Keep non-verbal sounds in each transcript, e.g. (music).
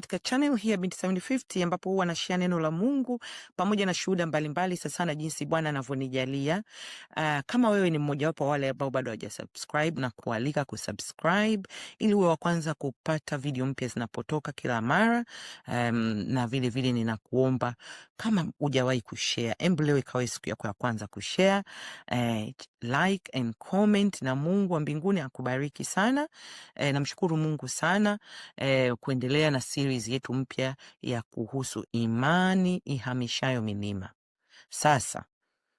katika channel hii ya Binti 750 ambapo huwa nashia neno la Mungu pamoja na shuhuda mbalimbali, sasa na jinsi Bwana anavyonijalia. Uh, kama wewe ni mmoja wapo wale ambao bado hawajasubscribe na kualika kusubscribe ili uwe wa kwanza kupata video mpya zinapotoka kila mara. Um, na vile vile ninakuomba kama hujawahi kushare, embu leo ikawe siku yako ya kwanza kushare, eh, like and comment, na Mungu wa mbinguni akubariki sana. Eh, namshukuru Mungu sana eh, kuendelea na siri series yetu mpya ya kuhusu imani ihamishayo milima. Sasa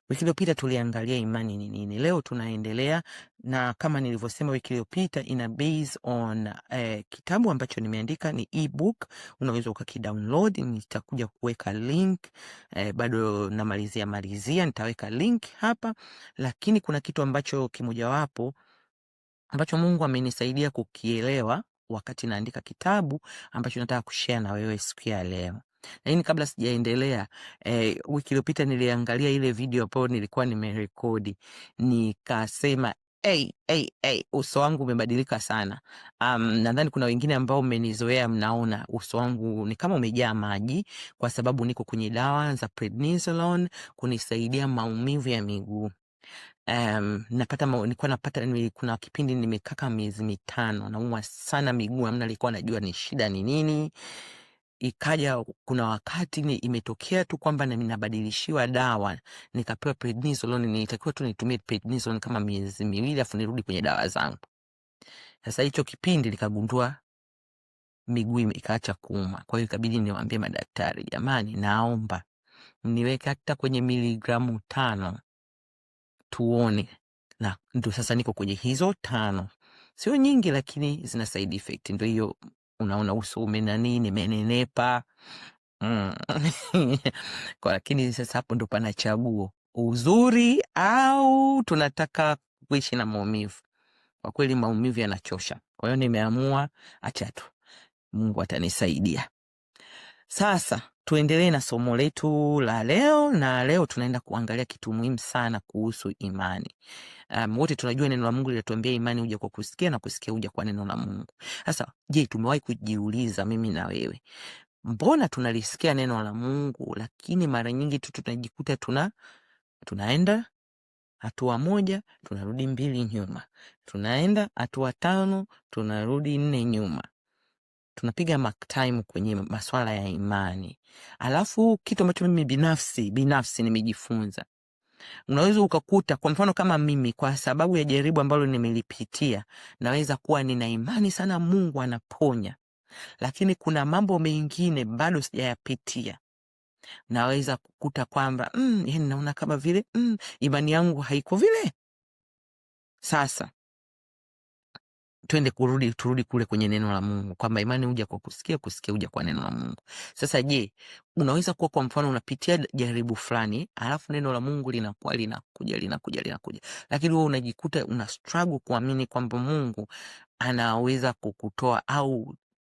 wiki iliyopita tuliangalia imani ni nini. Leo tunaendelea na kama nilivyosema wiki iliyopita, ina base on eh, kitabu ambacho nimeandika ni ebook, unaweza ukakidownload. Nitakuja kuweka link eh, bado namalizia malizia, nitaweka link hapa, lakini kuna kitu ambacho kimojawapo ambacho Mungu amenisaidia kukielewa wakati naandika kitabu ambacho nataka kushare na wewe siku ya leo. Lakini kabla sijaendelea, eh, wiki iliyopita niliangalia ile video ambayo nilikuwa nimerekodi nikasema Hey, hey, hey, uso wangu umebadilika sana. Um, nadhani kuna wengine ambao mmenizoea, mnaona uso wangu ni kama umejaa maji, kwa sababu niko kwenye dawa za prednisolone kunisaidia maumivu ya miguu um, napata nilikuwa napata nime, kuna kipindi nimekaka miezi mitano naumwa sana miguu, amna alikuwa najua ni shida ni nini. Ikaja kuna wakati ni, imetokea tu kwamba na ninabadilishiwa dawa nikapewa prednisolone, nilitakiwa tu nitumie prednisolone kama miezi miwili afu nirudi kwenye dawa zangu. Sasa hicho kipindi nikagundua miguu ikaacha kuuma, kwa hiyo ikabidi niwaambie madaktari, jamani, naomba niweke hata kwenye miligramu tano tuone na ndo sasa niko kwenye hizo tano, sio nyingi, lakini zina side effect. Ndo hiyo unaona uso umenani, nimenenepa mm. (laughs) lakini sasa hapo ndo pana chaguo, uzuri au tunataka kuishi na maumivu. Kwa kweli maumivu yanachosha, kwa hiyo nimeamua acha tu Mungu atanisaidia. Sasa tuendelee na somo letu la leo, na leo tunaenda kuangalia kitu muhimu sana kuhusu imani. Um, wote tunajua neno la Mungu linatuambia imani huja kwa kusikia na kusikia huja kwa neno la Mungu. Sasa je, tumewahi kujiuliza mimi na wewe, mbona tunalisikia neno la Mungu lakini mara nyingi tu tunajikuta tuna tunaenda hatua moja tunarudi mbili nyuma, tunaenda hatua tano tunarudi nne nyuma tunapiga mark time kwenye maswala ya imani. Alafu kitu ambacho mimi binafsi binafsi nimejifunza, unaweza ukakuta kwa mfano kama mimi, kwa sababu ya jaribu ambalo nimelipitia, naweza kuwa nina imani sana Mungu anaponya, lakini kuna mambo mengine bado sijayapitia naweza kukuta kwamba mm, yani naona kama vile mm, imani yangu haiko vile. Sasa twende kurudi, turudi kule kwenye neno la Mungu kwamba imani huja kwa kusikia, kusikia huja kwa neno la Mungu. Sasa je, unaweza kuwa kwa mfano unapitia jaribu fulani, alafu neno la Mungu linakuwa linakuja linakuja linakuja, lakini wewe unajikuta una struggle kuamini kwamba Mungu anaweza kukutoa au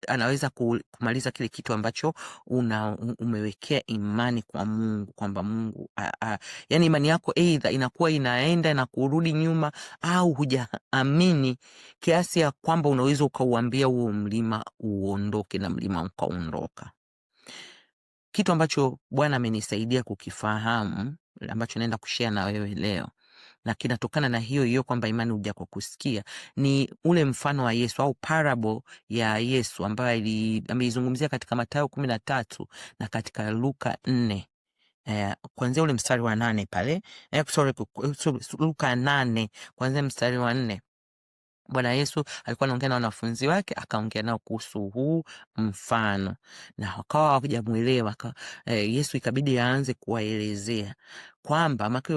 anaweza kumaliza kile kitu ambacho una umewekea imani kwa Mungu kwamba Mungu a, a, yani imani yako aidha inakuwa inaenda na kurudi nyuma, au hujaamini kiasi ya kwamba unaweza ukauambia huo mlima uondoke na mlima ukaondoka. Kitu ambacho Bwana amenisaidia kukifahamu ambacho naenda kushare na wewe leo na kinatokana na hiyo hiyo kwamba imani huja kwa kusikia. Ni ule mfano wa Yesu au parabo ya Yesu ambayo ameizungumzia katika Mathayo kumi na tatu na katika Luka nne Eh, kuanzia ule mstari wa nane pale eh, sorry, Luka nane kuanzia mstari wa nne. Bwana Yesu alikuwa anaongea na wanafunzi wake, akaongea nao kuhusu huu mfano na wakawa hawajamwelewa. Eh, Yesu ikabidi aanze kuwaelezea kwamba maki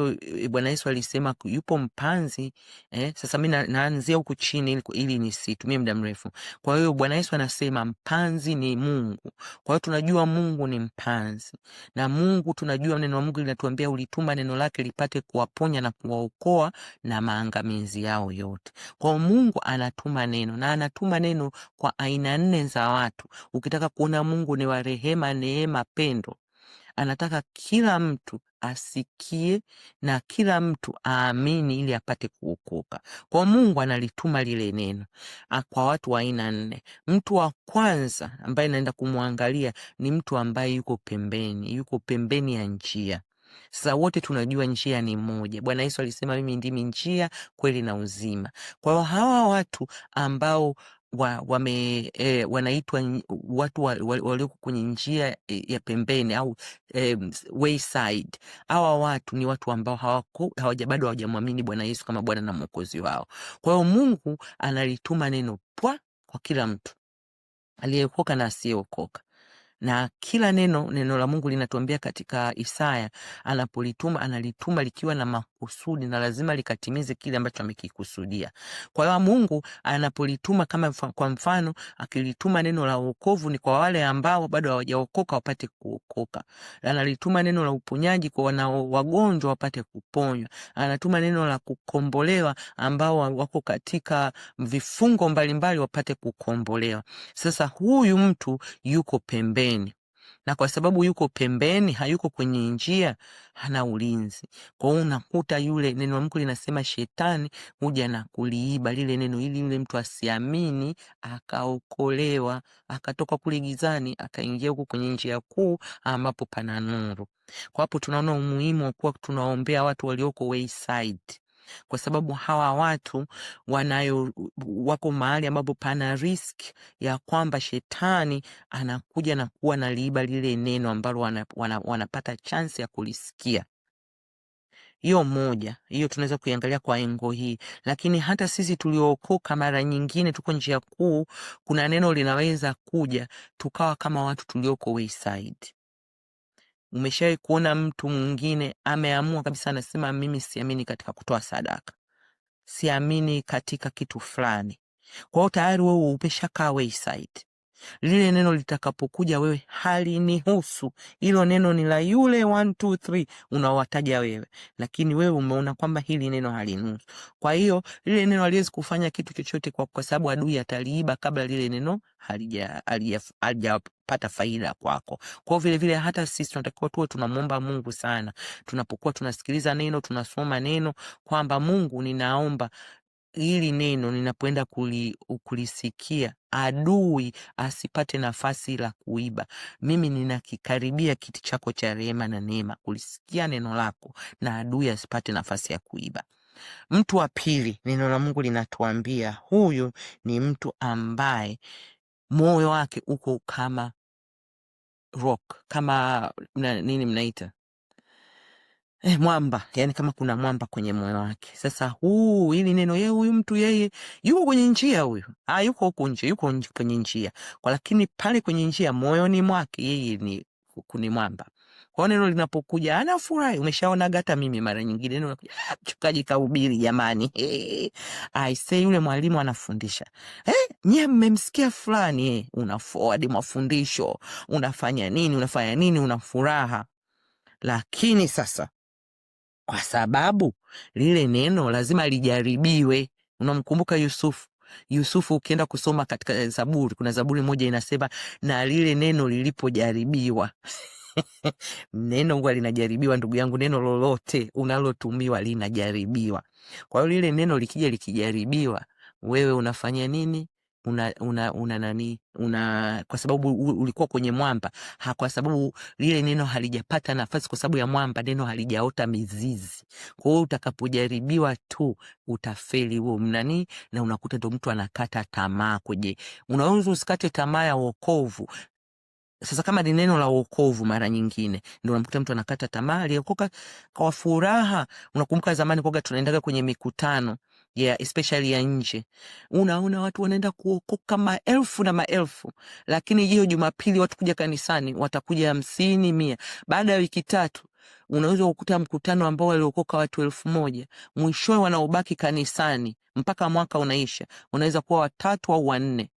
Bwana Yesu alisema yupo mpanzi eh. Sasa mi naanzia huku chini ili, ili nisitumie muda mrefu. Kwa hiyo Bwana Yesu anasema mpanzi ni Mungu. Kwa hiyo tunajua Mungu ni mpanzi, na Mungu tunajua neno la Mungu linatuambia ulituma neno lake lipate kuwaponya na kuwaokoa na maangamizi yao yote. Kwa Mungu anatuma neno na anatuma neno kwa aina nne za watu. Ukitaka kuona Mungu ni wa rehema, neema, pendo anataka kila mtu asikie na kila mtu aamini ili apate kuokoka. Kwa Mungu analituma lile neno kwa watu wa aina nne. Mtu wa kwanza ambaye naenda kumwangalia ni mtu ambaye yuko pembeni, yuko pembeni ya njia. Sasa wote tunajua njia ni moja. Bwana Yesu alisema mimi ndimi njia, kweli na uzima. Kwa hawa watu ambao wa, wame e, wanaitwa watu walioko wa, wa kwenye njia eh, ya pembeni au e, wayside. Hawa watu ni watu ambao hawako hawaja bado hawajamwamini Bwana Yesu kama Bwana na Mwokozi wao. Kwa hiyo Mungu analituma neno pwa kwa kila mtu aliyeokoka na asiyeokoka na kila neno neno la Mungu linatuambia katika Isaya, anapolituma analituma likiwa na makusudi na lazima likatimize kile ambacho amekikusudia. Kwa hiyo Mungu anapolituma kama kwa mfano akilituma neno la wokovu ni kwa wale ambao bado hawajaokoka wapate kuokoka. Analituma neno la uponyaji kwa wana wagonjwa wapate kuponywa. Anatuma neno la kukombolewa ambao wako katika vifungo mbalimbali mbali wapate kukombolewa. Sasa huyu mtu yuko pembeni pembeni, na kwa sababu yuko pembeni, hayuko kwenye njia, hana ulinzi. Kwa hiyo unakuta yule neno la Mungu linasema shetani huja na kuliiba lile neno, ili yule mtu asiamini, akaokolewa, akatoka kule gizani, akaingia huko kwenye njia kuu ambapo pana nuru. Kwa hapo tunaona umuhimu wa kuwa tunaombea watu walioko wayside kwa sababu hawa watu wanayo wako mahali ambapo pana riski ya kwamba shetani anakuja na kuwa na liiba lile neno ambalo wanapata wana, wana chansi ya kulisikia. Hiyo moja hiyo tunaweza kuiangalia kwa engo hii, lakini hata sisi tuliookoka, mara nyingine tuko njia kuu, kuna neno linaweza kuja tukawa kama watu tulioko wayside Umeshawahi kuona mtu mwingine ameamua kabisa, anasema mimi siamini katika kutoa sadaka, siamini katika kitu fulani. Kwa hiyo tayari wewe upeshakaa wayside, lile neno litakapokuja, wewe halinihusu, hilo neno ni la yule unawataja wewe, lakini wewe umeona kwamba hili neno halinihusu. Kwa hiyo lile neno haliwezi kufanya kitu chochote, kwa, kwa sababu adui ataliiba kabla lile neno halijapata faida kwako. Kwa vilevile hata sisi tunatakiwa tuwe tunamwomba Mungu sana tunapokuwa tunasikiliza neno, tunasoma neno kwamba Mungu, ninaomba hili neno ninapoenda kulisikia adui asipate nafasi la kuiba. Mimi ninakikaribia kiti chako cha rehema na neema kulisikia neno lako na adui asipate nafasi ya kuiba. Mtu wa pili, neno la Mungu linatuambia huyu ni mtu ambaye moyo wake uko kama rock, kama nini mnaita eh, mwamba yani, kama kuna mwamba kwenye moyo wake. Sasa huu ili neno yeye, huyu mtu yeye yuko kwenye njia, huyu ah, yuko huko nje, yuko kwenye njia kwa, lakini pale kwenye njia moyoni mwake yeye ni kuni mwamba. Kwa neno linapokuja anafurahi. Umeshaona hata mimi mara nyingine neno ah, mchungaji kahubiri, jamani, ai (laughs) sei, yule mwalimu anafundisha eh, nyie mmemsikia fulani, eh, una forward mafundisho, unafanya nini, unafanya nini, una furaha, lakini sasa kwa sababu lile neno lazima lijaribiwe. Unamkumbuka Yusufu? Yusufu, ukienda kusoma katika Zaburi, kuna Zaburi moja inasema, na lile neno lilipojaribiwa (laughs) neno huwa linajaribiwa, ndugu yangu. Neno lolote unalotumiwa linajaribiwa. Kwa hiyo lile neno likija likijaribiwa, wewe unafanya nini? una, una, una nani una kwa sababu ulikuwa kwenye mwamba ha, kwa sababu lile neno halijapata nafasi, kwa sababu ya mwamba neno halijaota mizizi. Kwa hiyo utakapojaribiwa tu utafeli huo mnani, na unakuta ndo mtu anakata tamaa kwenye. Unaweza usikate tamaa ya wokovu sasa kama ni neno la wokovu, mara nyingine ndo unamkuta mtu anakata tamaa, aliokoka kwa furaha. Unakumbuka zamani kwaga tunaendaga kwenye mikutano yeah, especially ya nje. Unaona watu wanaenda kuokoka maelfu na maelfu, lakini hiyo Jumapili watu kuja kanisani watakuja hamsini, mia. Baada ya wiki tatu unaweza kukuta mkutano ambao waliokoka watu elfu moja mwishowe wanaobaki kanisani mpaka mwaka unaisha unaweza kuwa watatu au wanne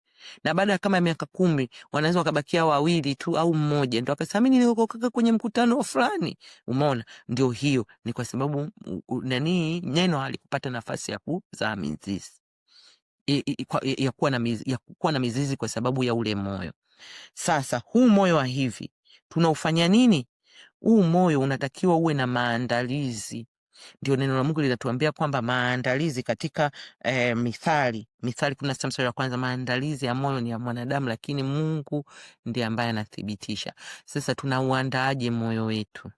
na baada ya kama miaka kumi wanaweza wakabakia wawili tu au mmoja, ndo akasema mimi nilikokoka kwenye mkutano fulani. Umeona, ndio hiyo ni kwa sababu nani, neno alikupata nafasi ya kuzaa mizizi ya kuwa na mizizi, ya kuwa na mizizi kwa sababu ya ule moyo. Sasa huu moyo wa hivi tunaufanya nini? Huu moyo unatakiwa uwe na maandalizi ndio neno la Mungu linatuambia kwamba maandalizi katika eh, Mithali, Mithali kumi na sita mstari wa kwanza, maandalizi ya moyo ni ya mwanadamu, lakini Mungu ndiye ambaye anathibitisha. Sasa tunauandaaje moyo wetu?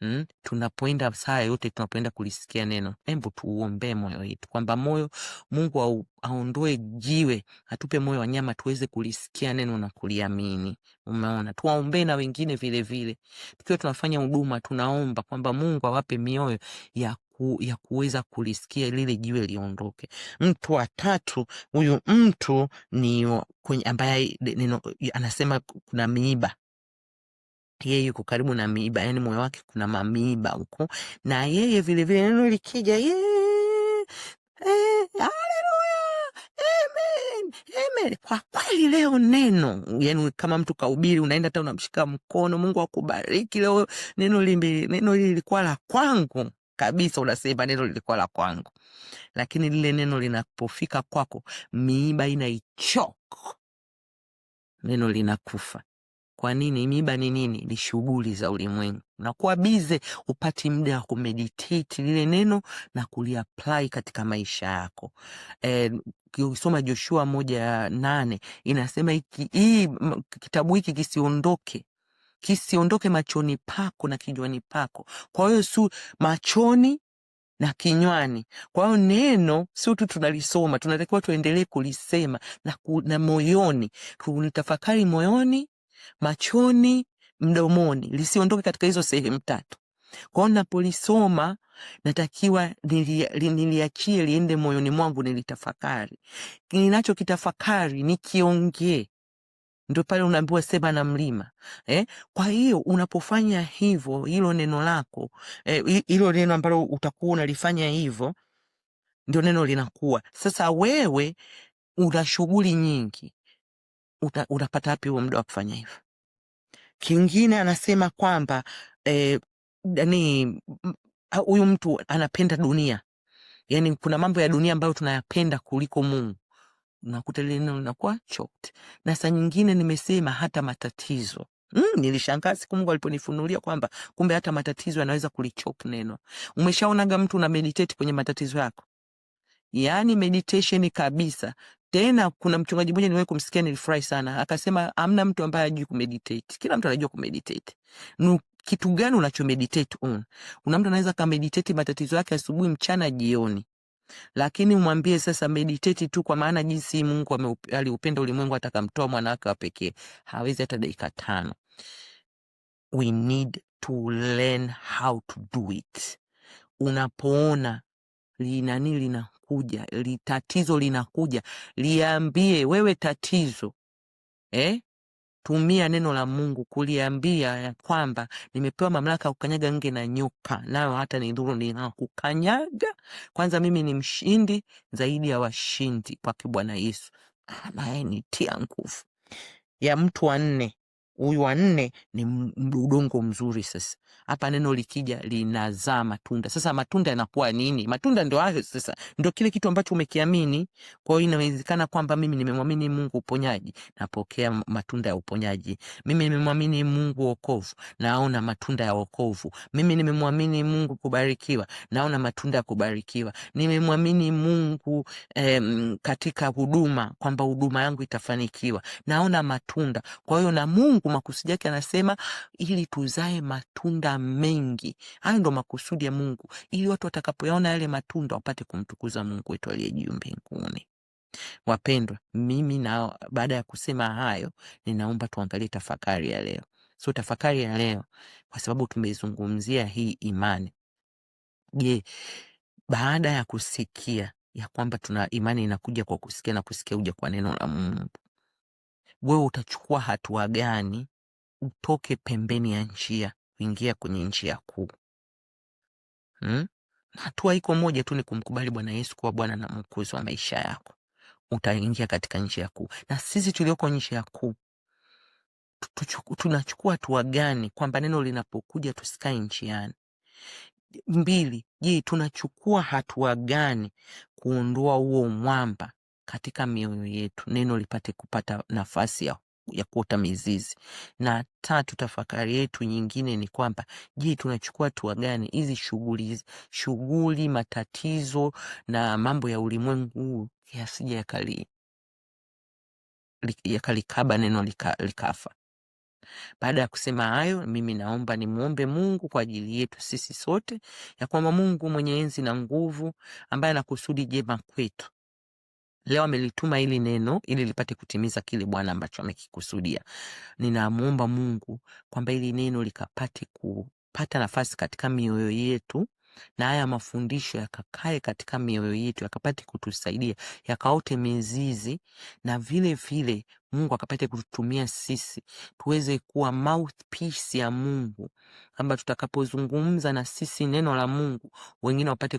Mm, tunapoenda saa yote tunapoenda kulisikia neno, hebu tuuombee moyo wetu kwamba moyo Mungu au, aondoe jiwe, atupe moyo wa nyama tuweze kulisikia neno na kuliamini. Umeona, tuwaombee na wengine vile vile, tukiwa tunafanya huduma tunaomba kwamba Mungu awape mioyo ya ku, ya kuweza kulisikia lile jiwe liondoke. Mtu wa tatu, huyu mtu ni ambaye anasema kuna miiba yeye yuko karibu na miiba, yani moyo wake kuna mamiiba huko, na yeye vilevile neno likija yeye eh, Amen. Kwa kweli leo neno yani, kama mtu kahubiri, unaenda hata unamshika mkono, Mungu akubariki leo. Neno limbi, neno hili lilikuwa la kwangu kabisa, unasema neno lilikuwa la kwangu, lakini lile neno linapofika kwako, miiba inaichok, neno linakufa. Kwa nini? Miba ni nini? Ni shughuli za ulimwengu. Unakuwa bize, upati muda wa kumeditate lile neno na kuliapply katika maisha yako. E, ukisoma Joshua moja nane inasema hii kitabu hiki kisiondoke kisiondoke machoni pako na kinywani pako. Kwa hiyo su machoni na kinywani. Kwa hiyo neno sio tu tunalisoma, tunatakiwa tuendelee kulisema na, na moyoni, kulitafakari moyoni machoni, mdomoni, lisiondoke katika hizo sehemu tatu. Kwa hiyo napolisoma natakiwa niliachie liende moyoni mwangu, nilitafakari. Ninachokitafakari nikiongee ndio pale unaambiwa sema na mlima eh? Kwa hiyo unapofanya hivyo, hilo neno lako eh, neno ambalo utakuwa unalifanya hivyo, ndio neno linakuwa sasa. Wewe una shughuli nyingi, uta, unapata wapi huo muda wa kufanya hivyo? Kingine anasema kwamba eh, ni huyu mtu anapenda dunia, yani kuna mambo ya dunia ambayo tunayapenda kuliko Mungu. Unakuta lile neno linakuwa choked. Na saa nyingine nimesema hata matatizo Mm, nilishangaa siku Mungu aliponifunulia kwamba kumbe hata matatizo yanaweza kulichoke neno. Umeshaonaga mtu una meditate kwenye matatizo yako? yani meditation kabisa. Tena kuna mchungaji mmoja niwahi kumsikia, nilifurahi sana, akasema amna mtu ambaye hajui kumeditate, kila mtu anajua kumeditate. Ni kitu gani unacho meditate on? Kuna mtu anaweza kameditate matatizo yake asubuhi, mchana, jioni lakini umwambie sasa mediteti tu, kwa maana jinsi Mungu aliupenda ulimwengu atakamtoa mwana wake wa pekee, hawezi hata dakika tano. We need to learn how to do it. Unapoona linani lina linakuja li, tatizo linakuja, liambie wewe tatizo eh? Tumia neno la Mungu kuliambia ya kwamba nimepewa mamlaka ya kukanyaga nge na nyoka, nayo hata ni dhuru ninakukanyaga. Kwanza mimi ni mshindi zaidi ya washindi kwake Bwana Yesu. tia nguvu ya mtu wa nne Huyu wa nne ni udongo mzuri. Sasa hapa neno likija linazaa matunda. Sasa matunda yanakuwa nini? Matunda ndio hayo sasa, ndio kile kitu ambacho umekiamini. Kwa hiyo inawezekana kwamba mimi nimemwamini Mungu uponyaji, napokea matunda ya uponyaji. Mimi nimemwamini Mungu wokovu, naona matunda ya wokovu. Mimi nimemwamini Mungu kubarikiwa, naona matunda ya kubarikiwa. Nimemwamini Mungu eh, katika huduma kwamba huduma yangu itafanikiwa, naona matunda. Kwa hiyo na Mungu huku makusudi yake anasema ili tuzae matunda mengi. Hayo ndo makusudi ya Mungu, ili watu watakapoyaona yale matunda wapate kumtukuza Mungu wetu aliye juu mbinguni. Wapendwa, mimi na baada ya kusema hayo, ninaomba tuangalie tafakari ya leo. So tafakari ya leo, kwa sababu tumeizungumzia hii imani. Je, baada ya kusikia ya kwamba tuna imani inakuja kwa kusikia na kusikia huja kwa neno la Mungu, wewe utachukua hatua gani utoke pembeni ya njia kuingia kwenye njia kuu hmm? hatua iko moja tu ni kumkubali bwana yesu kuwa bwana na mkuzi wa maisha yako utaingia katika njia kuu na sisi tulioko njia kuu tunachukua hatua gani kwamba neno linapokuja tusikae njiani mbili je tunachukua hatua gani kuondoa huo mwamba katika mioyo yetu, neno lipate kupata nafasi ya ya kuota mizizi. Na tatu, tafakari yetu nyingine ni kwamba, je, tunachukua hatua gani hizi shughuli shughuli, matatizo na mambo ya ulimwengu huu yasija yakali yakalikaba neno lika, likafa. Baada ya kusema hayo, mimi naomba nimwombe Mungu kwa ajili yetu sisi sote, ya kwamba Mungu mwenye enzi na nguvu, ambaye anakusudi jema kwetu Leo amelituma hili neno ili lipate kutimiza kile Bwana ambacho amekikusudia. ninamwomba Mungu kwamba hili neno likapate kupata nafasi katika mioyo yetu na haya mafundisho yakakae katika mioyo yetu, yakapate kutusaidia, yakaote mizizi, na vile vile Mungu akapate kututumia sisi tuweze kuwa mouthpiece ya Mungu, kwamba tutakapozungumza na sisi neno la Mungu wengine wapate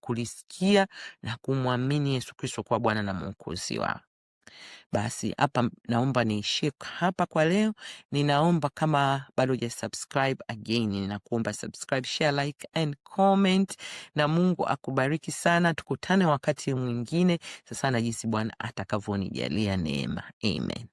kulisikia na kumwamini Yesu Kristo kuwa Bwana na Mwokozi wao. Basi hapa naomba niishie hapa kwa leo. Ninaomba kama bado ja subscribe again, ninakuomba subscribe, share, like and comment, na Mungu akubariki sana. Tukutane wakati mwingine, sasa na jinsi Bwana atakavyonijalia neema. Amen.